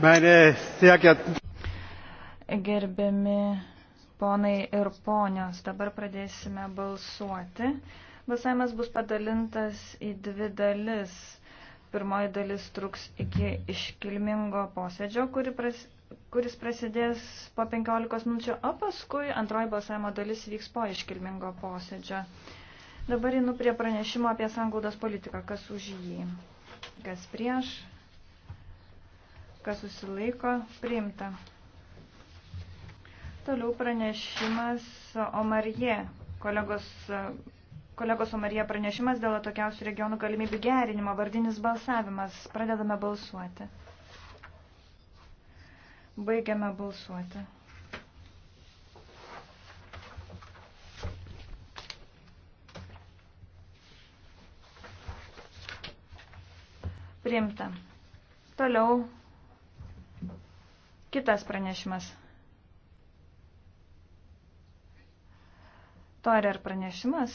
Gerbiami ponai ir ponios, dabar pradėsime balsuoti. Balsavimas bus padalintas į dvi dalis. Pirmoji dalis truks iki iškilmingo posėdžio, kuri pras, kuris prasidės po 15 minučių, o paskui antroji balsavimo dalis vyks po iškilmingo posėdžio. Dabar einu prie pranešimo apie sanglaudos politiką. Kas už jį? Kas prieš? kas susilaiko, priimta. Toliau pranešimas Omarie, kolegos, kolegos Omarie pranešimas dėl atokiausių regionų galimybių gerinimo, vardinis balsavimas. Pradedame balsuoti. Baigiame balsuoti. Priimta. Toliau Kitas pranešimas. Torer pranešimas.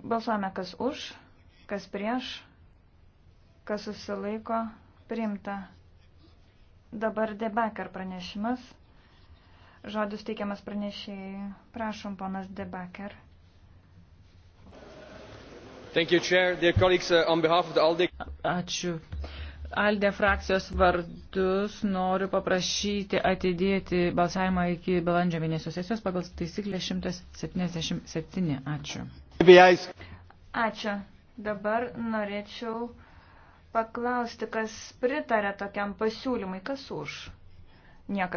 Balsuojame, kas už, kas prieš, kas susilaiko, priimta. Dabar debaker pranešimas. Žodis teikiamas pranešėjai. Prašom, ponas debaker. You, chair, colleagues, uh, alde... Ačiū. Aldė frakcijos vardus noriu paprašyti atidėti balsavimą iki balandžio mėnesio sesijos pagal taisyklę 177. Ačiū. Ačiū. Dabar norėčiau paklausti, kas pritarė tokiam pasiūlymui, kas už. Niekas.